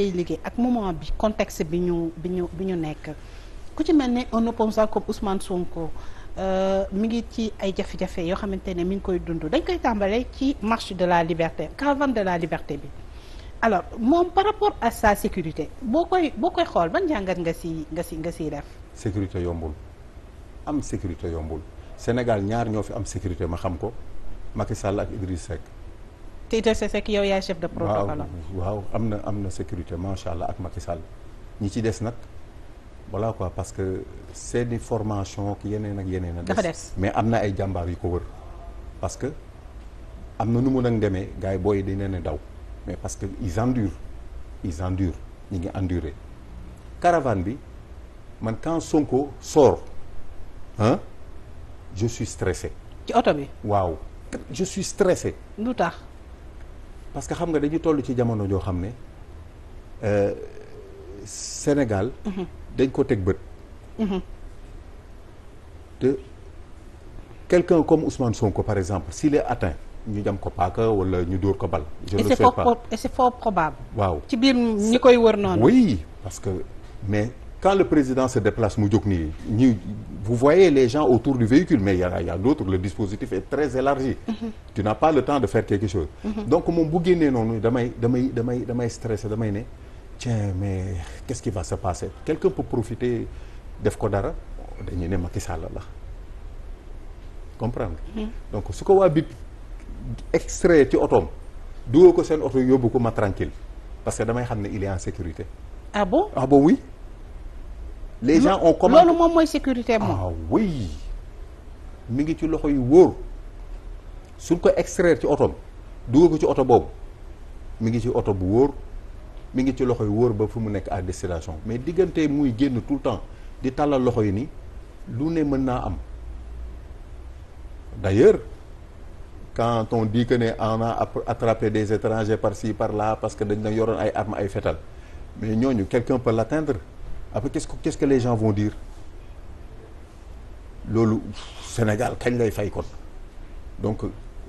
ngay liggéey ak moment bi contexte bi ñu bi ñu bi ñu nekk ku ci mel ne un opposant comme Ousmane Sonko euh, mi ngi ci ay jafe-jafe yoo xamante ne mi ngi koy dund dañ koy tàmbalee ci marche de la liberté caravane de la liberté bi alors moom par rapport à sa sécurité boo koy boo koy xool ban jàngat nga si nga si nga siy def. sécurité yombul am sécurité yombul Sénégal ñaar ñoo fi am sécurité ma xam ko Macky Sall ak Idriss Seck. te Idrissa Seck yow yaay chef de protocole waaw am na am na sécurité macha allah ak Macky Sall ñi ci des nag voilà quoi parce que seeni formation ak yeneen ak yeneen a des mais am na ay jàmbaar yu ko wër parce que am na nu mu nag demee gars yi booy dañ leen daw mais parce que ils endurent ils dure ñu ngi endurer caravane bi man quand Sonko sort ah je suis stressé ci oto bi waaw je suis stressé lu tax parce que xam nga dañu toll ci jamono joo xam ne euh, Sénégal. Mhm. dañ ko teg bët. Mhm. te quelqu'un comme Ousmane Sonko par exemple si est atteint ñu jam ko paaka wala ñu dóor ko bal. je ne probable. waaw ci biir ñi koy wër noonu. oui parce que mais quand le président se déplace mu jóg nii ñu vous voyez les gens autour du véhicule mais il y a, y a d'autres le dispositif est très élargi mm -hmm. pas le temps de faire quelque chose mhm. donc moom bu génnee noonu damay damay damay damay stressé damay ne tiens mais qu'est-ce qui va se passer quelqu'un peut profiter def ko dara dañuy ne Macky Sall la comprendre mm donc su ko waa bip extrait ci otoom dugal ko seen oto yóbbu ko ma tranquille parce que damay xam ne il en sécurité ah bon ah les gens ont commencé loolu moom mooy sécurité moom ah oui mi ngi ci loxo yu wóor suñ ko extraire ci oto dugal ko ci oto boobu mi ngi ci oto bu wóor mi ngi ci loxo yu wóor ba fu mu nekk à destination mais diggante muy génn tout le temps di tàllal loxo yi ni lu ne mën naa am d'ailleurs quand on dit que ne on a attrapé des étrangers par ci par là parce que dañ na yoroon ay armes ay fetal mais ñooñu quelqu'un la l'atteindre après qu'est-ce que qu'est-ce que les dire loolu Sénégal kañ lay fay kon donc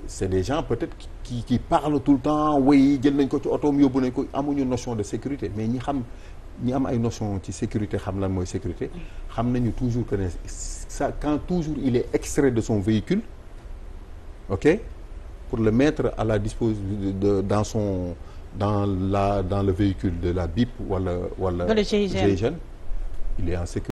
c'est des gens peut-être qui qui parlent tout le temps way jël nañ ko ci otoom yóbbu nañ ko amuñu notion de sécurité mais ñi xam ñi am ay notion ci sécurité xam lan mooy sécurité xam nañu toujours que ne quand toujours il est extrait de son véhicule ok pour le mettre à la disposition de dans son dans la dans le véhicule de la BIP wala wala GIGN il est en